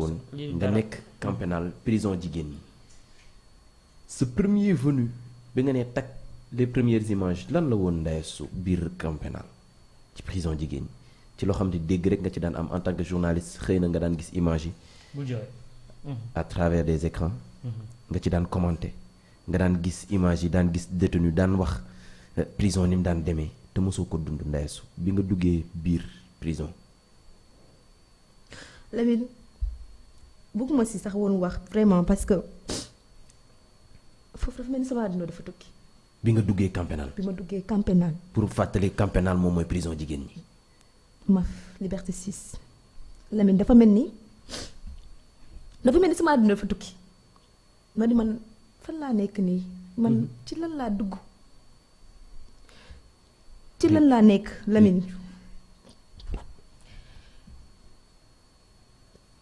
woon nga nekk camp pénal prison jigéen ñi sa premier venu bi nga nee takk les premières images lan la woon Ndeye Astou biir camp pénal ci prison jigéen ñi ci loo xam ne dégg rek nga ci daan am en tant que journaliste xëy na nga daan gis image yi bu mhm. à travers des écrans mhm. nga ci daan commenter nga daan gis image yi daan gis détenu daan wax euh, prison ni mu daan demee te mosoo ko dund Ndeye Astou bi nga duggee biir prison bëgguma si sax woon wax vraiment parce que foofu dafa mel ni sama àdduna dafa tukki. bi nga duggee camp bi ma duggee camp pour fàttali camp moom mooy prison jigéen ñi. ma liberté 6 lamin dafa mel ni dafa mel ni sama àdduna dafa tukki ma ni man fan laa nekk nii. man mhm. ci lan laa dugg. ci lan laa nekk Lamine.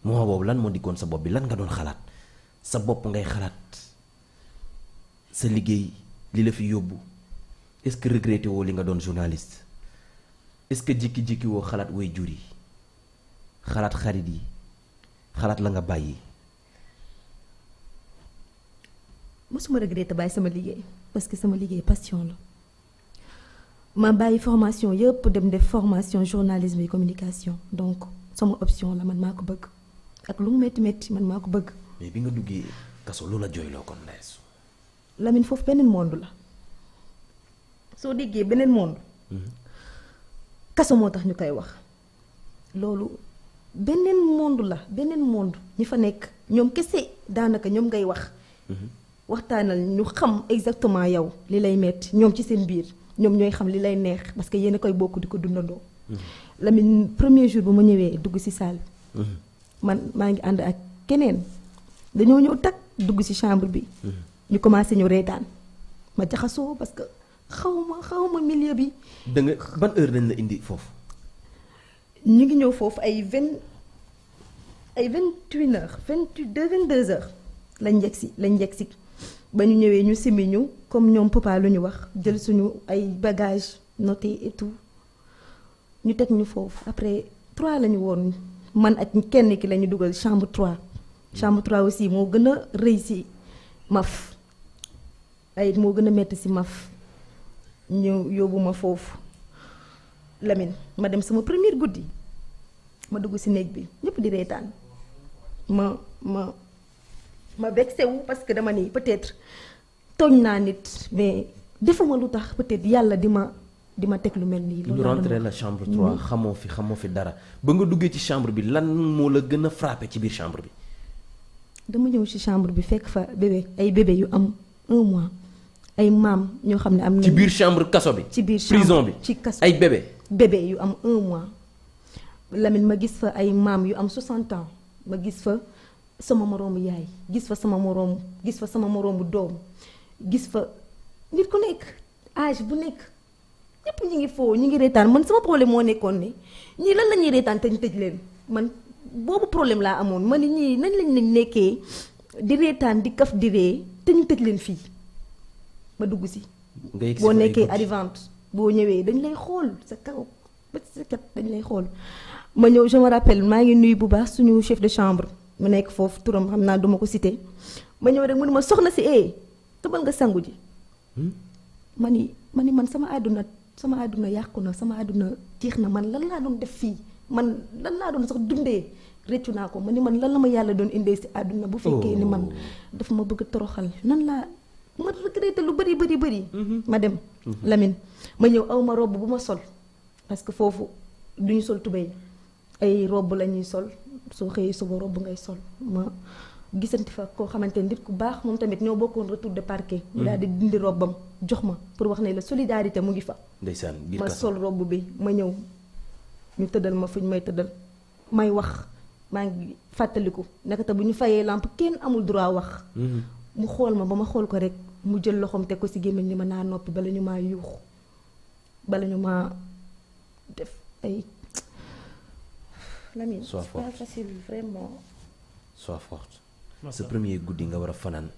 moment boobu lan moo diggoon sa bopp bi lan nga doon xalaat sa bopp ngay xalaat sa liggéey li la fi yóbbu est-ce que regretté li nga doon journaliste est-ce que jikki-jikki woo xalaat way jur yi xalaat xarit yi xalaat la nga bàyyi. ma mosuma regretté bàyyi sama liggéey parce que sama liggéey passion la ma bàyyi formation yëpp dem def formation journalisme et communication donc sama option la man maa ko bëgg. ak lu mu métti métti man maa ko bëgg. mais bi nga duggee kaso lu la jooyloo kon Ndeyesu. Lamine foofu beneen monde la soo déggee beneen monde. Mhm. kaso moo tax ñu koy wax. loolu beneen monde la beneen monde ñi fa nekk ñoom kese daanaka ñoom ngay wax. Mhm. waxtaanal ñu xam exactement yow li lay metti ñoom ci seen biir ñoom ñooy xam li lay neex parce que yéen a koy bokk di ko dundandoo. Mhm. Lamine premier jour bu ma ñëwee dugg ci salle. man maa ngi ànd ak keneen dañoo ñëw takk dugg ci chambre bi. Mm-hmm. ñu commencé ñu reetaan ma jaxasoo parce que xaw ma xaw ma milieu bi. da ban heure dañ la indi foofu. ñu ngi ñëw foofu ay vingt ay vingt une heures vingt deux vingt deux heures lañ yegg ba ñu ñëwee ñu simi comme ñoom papa lu ñu wax jël suñu ay bagages noté et ñu teg ñu foofu après trois la ñu woon. man ak kenn ki la ñu dugal chambre 3 chambre 3 aussi moo gën a rëy si maf ay moo gën a metti si maf ñu yóbbu foofu Lamine ma dem sama première guddi ma dugg si néeg bi ñëpp di reetaan ma ma ma vexé wu parce que dama ni peut-être tooñ naa nit mais defuma lu tax peut-être yàlla di ma di ma teg lu mel nii. loolu rentré la chambre 3 mhm. xamoo fi xamoo fi dara ba nga duggee ci chambre bi lan moo la gën a frappé ci biir chambre bi. dama ñëw ci chambre bi fekk fa bébé ay bébé yu am un mois ay maam ñoo xam ne am na. ci biir chambre kaso bi. ci biir prison bi ci kaso ay bébé. bébé yu am un mois Lamine ma gis fa ay maam yu am 60 ans ma gis fa sama moroomu yaay gis fa sama moroom gis fa sama moroom bu doom gis fa nit ku nekk âge bu nekk. ñëpp ñi ngi foo ñi ngi reetaan man sama problème moo nekkoon ni ñii lan la ñuy reetaan te ñu tëj leen man boobu problème laa amoon man ñii nañ lañ lañ nekkee di reetaan di kaf di ree te ñu tëj leen fii ma dugg si. boo nekkee arrivante boo ñëwee dañ lay xool sa kaw ba sa kat dañ lay xool. ma ñëw je me maa ngi nuyu bu baax suñu chef de chambre mu nekk foofu turam xam naa duma ko site ma ñëw rek mu ne ma soxna si eh tëbal nga sangu ji. Hmm? ma ni ma ni man sama àdduna sama àdduna yàqu na sama àdduna jeex na man lan laa doon def fii man lan laa doon sax dundee réccu naa ko ma ni man lan la ma yàlla doon indee si àdduna bu fekkee ni man oh. dafa ma bëgg toroxal nan laa ma regretté lu bëri bëri bëri mm-hmm. ma dem mm-hmm. lamin ma ñëw aw ma robb bu ma sol parce que foofu du ñu sol tubéy ay robb la ñuy sol soo xëyee suba robb ngay sol gisanti fa koo xamante nit ku baax moom tamit ñoo bokkoon retour de parke mu daal di mm-hmm. dindi robbam jox ma pour wax ne la solidarité mu ngi fa. ndeysaan ma sol robb bi ma ñëw ñu tëddal ma fuñ may tëddal may wax maa ngi fàttaliku nekkata bu ñu fayee làmp kenn amul droit wax. Mm-hmm. mu xool ma ba ma xool ko rek mu jël loxoom teg ko si gémmiñ ni ma naa noppi bala ñu maa yuux bala ñu maa def ay. Lamine, c'est vraiment. sois sa premier guddi nga war a fanaan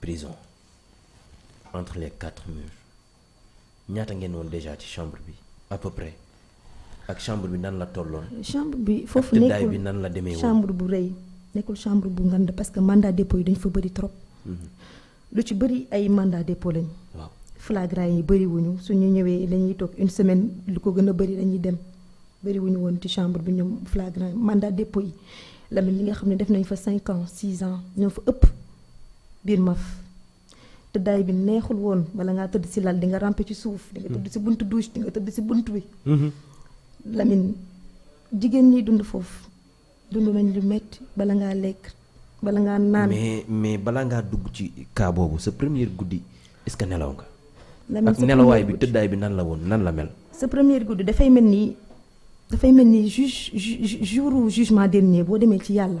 prison entre les quatre murs ñaata ngeen woon déjà ci chambre bi à peu près ak chambre bi nan la tolloon. chambre bi foofu nekkul tëddaay bi nan la demee woon chambre bu rëy nekkul chambre bu ngand parce que mandat dépôt yi dañu fa bëri trop. Mhm. lu ci bëri ay mandat dépôt lañ. waaw flagrant yi bëri suñu su ñu ñëwee dañuy toog une semaine lu ko gën a bëri dañuy dem bëri woon ci chambre bi ñoom flagrant mandat dépôt yi. Lamine li nga xam ne def nañ fa 5 ans 6 ans ñoo fa ëpp biir maf tëddaay bi neexul woon bala ngaa tëdd si lal dinga nga ci suuf. di tëdd si bunt douche di nga tëdd si bunt bi. Mm-hmm. Lamine jigéen ñi dund foofu dund nañ lu metti bala ngaa lekk bala ngaa naan. mais mais bala ngaa dugg ci kaa boobu sa première guddi est que nelaw nga. Lamine ak nelawaay bi tëddaay bi nan la woon nan la mel. sa première guddi dafay mel ni. dafay mel ni juge jour jugement dernier boo demee ci yàlla.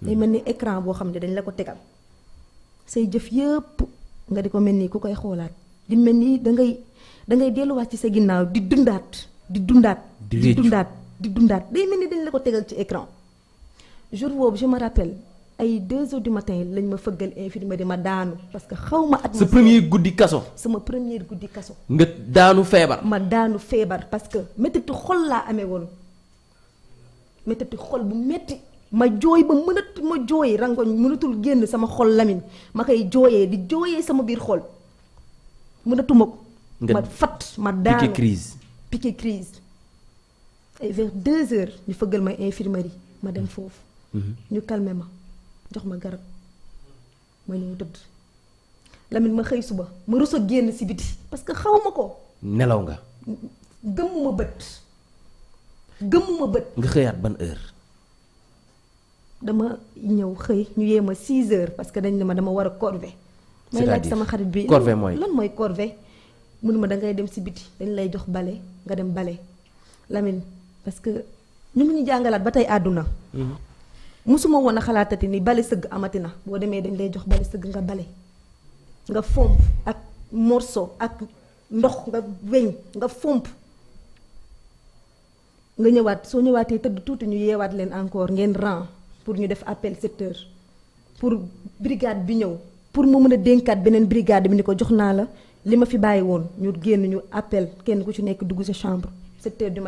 day mel ni écran boo xam ne dañ la ko tegal. say jëf yëpp nga di ko mel ni ku koy xoolaat di mel ni da ngay da ngay delluwaat ci sa ginnaaw di dundaat di dundaat. di dundaat di dundaat day mel ni dañ la ko tegal ci écran jour boobu je me rappelle. ay 2 heures du matin lañ ma fëggal infirmerie ma daanu parce que xaw ma. at sa premier guddi kaso. sama premier guddi kaso. nga daanu feebar. ma daanu feebar parce que méttiitu xol laa amee woon méttiitu xol bu metti ma jooy ba mënat ma jooy rangoñ mënatul génn sama xol lamin ma koy jooyee di jooyee sama biir xol mënatuma ko. ma fat ma daanu piqué crise piqué crise ay vers deux heures ñu fëggal ma infirmerie ma dem foofu. Mm-hmm. ñu calmé ma. jox ma garab ma ñëw tëdd Lamine ma xëy suba ma rus a génn si biti parce que xaw ma ko. nelaw nga. gëmmuma bët. gëmmuma bët. nga xëyaat ban heure. dama ñëw xëy ñu yee ma 6 heures parce que dañ ne ma dama war a corvée. sama xarit bi corvée mooy lan mooy corvée. mënuma da ngay dem si biti dañ lay jox bale nga dem bale lamin parce que ñu ngi ñu jàngalaat ba tey àdduna. Mm-hmm. musuma woon a xalaatati ni bale sëgg amati na boo demee dañ lay jox bale sëgg nga bale nga fomp ak morso ak ndox nga weñ nga fomp nga ñëwaat soo ñëwaatee tëdd tuuti ñu yeewaat leen encore ngeen rang pour ñu def appel sept pour brigade bi ñëw pour mu mën a dénkaat beneen brigade bi ni ko jox naa la li ma fi bàyyi woon ñu génn ñu appel kenn ku ci nekk dugg sa chambre sept heures du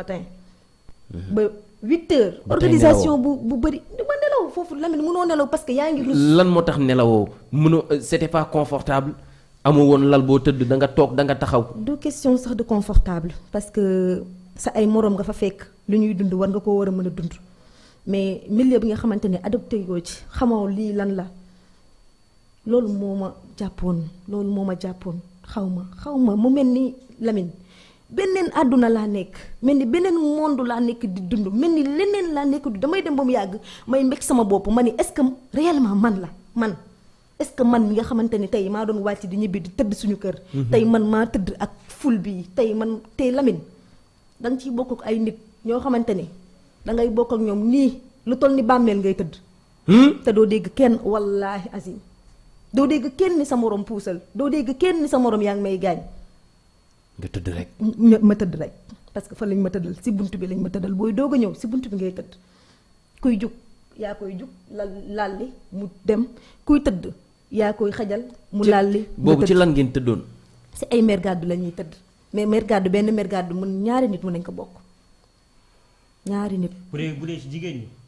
huit heures organisation bu bu bëri dama nelaw foofu Lamine mënoo nelaw parce que yaa ngi rus lan moo tax nelawoo mënoo euh, c'était pas confortable amul woon lal boo tëdd da nga toog da nga taxaw du question sax de confortable parce que sa ay moroom nga fa fekk lu ñuy dund war nga koo war a mën a dund mais milieu bi nga xamante ne adopté yoo ci xamoo lii lan la loolu moo ma jàppoon loolu moo ma jàppoon xaw ma xaw ma mu mel ni Lamine beneen àdduna laa nekk mel ni beneen monde laa nekk di dund mel ni leneen laa nekk damay dem ba mu yàgg may mbég sama bopp ma ni est-ce que réellement man la man est-ce que man mi nga xamante ni tey maa doon wàcc di ñibbi di tëdd suñu kër mhm. tey man maa tëdd ak ful bi tey man tey lamin da nga ciy bokk ay nit ñoo xamante ni da ngay bokk ak ñoom nii lu toll ni bàmmeel ngay tëdd hmm? te doo dégg kenn wallaahi azim doo dégg kenn sa morom puusal doo dégg kenn ni sa morom yaa ngi may gaañ nga tëdd rek. ma tëdd rek parce que fa lañ ma tëddal si bunt bi lañ ma tëddal booy doog a ñëw si bunt bi ngay tëdd kuy jug yaa koy jug lal lalli mu dem kuy tëdd yaa koy xajal. mu lalli boobu ci lan ngeen tëddoon. si ay mère gàddu la ñuy tëdd mais mère benn mère gàddu mën ñaari nit mën nañ ko bokk ñaari nit. bu bu dee si jigéen ñi.